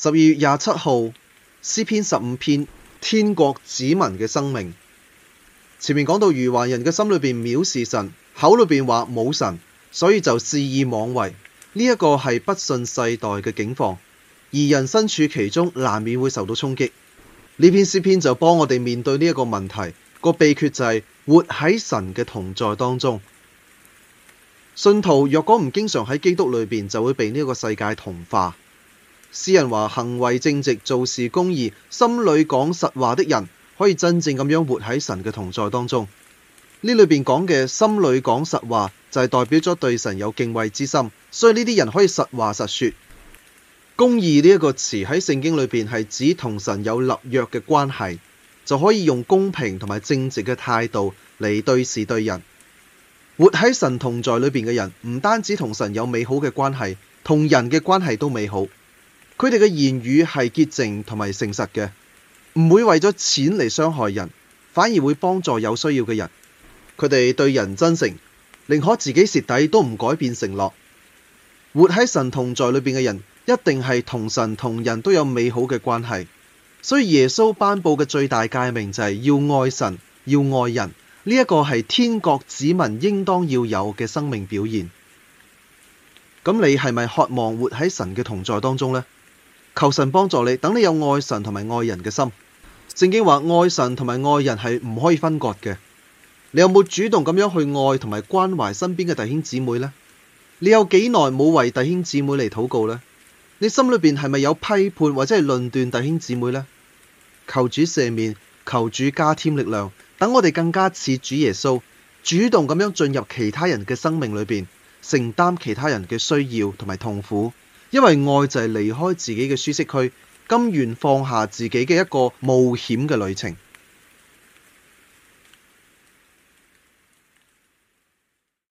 十二月廿七號，詩篇十五篇，天國子民嘅生命，前面講到愚頑人嘅心裏邊藐視神，口裏邊話冇神，所以就肆意妄為。呢、這、一個係不信世代嘅境況，而人身處其中，難免會受到衝擊。呢篇詩篇就幫我哋面對呢一個問題，個秘訣就係活喺神嘅同在當中。信徒若果唔經常喺基督裏邊，就會被呢一個世界同化。詩人話：行為正直、做事公義、心裏講實話的人，可以真正咁樣活喺神嘅同在當中。呢裏邊講嘅心裏講實話就係、是、代表咗對神有敬畏之心，所以呢啲人可以實話實說。公義呢一個詞喺聖經裏邊係指同神有立約嘅關係，就可以用公平同埋正直嘅態度嚟對事對人。活喺神同在裏邊嘅人，唔單止同神有美好嘅關係，同人嘅關係都美好。佢哋嘅言語係潔淨同埋誠實嘅，唔會為咗錢嚟傷害人，反而會幫助有需要嘅人。佢哋對人真誠，寧可自己蝕底都唔改變承諾。活喺神同在裏邊嘅人，一定係同神同人都有美好嘅關係。所以耶穌頒布嘅最大誡命就係要愛神，要愛人。呢一個係天國子民應當要有嘅生命表現。咁你係咪渴望活喺神嘅同在當中呢？求神幫助你，等你有愛神同埋愛人嘅心。聖經話愛神同埋愛人係唔可以分割嘅。你有冇主動咁樣去愛同埋關懷身邊嘅弟兄姊妹呢？你有幾耐冇為弟兄姊妹嚟禱告呢？你心裏邊係咪有批判或者係論斷弟兄姊妹呢？求主赦免，求主加添力量，等我哋更加似主耶穌，主動咁樣進入其他人嘅生命裏邊，承擔其他人嘅需要同埋痛苦。因為愛就係離開自己嘅舒適區，甘願放下自己嘅一個冒險嘅旅程。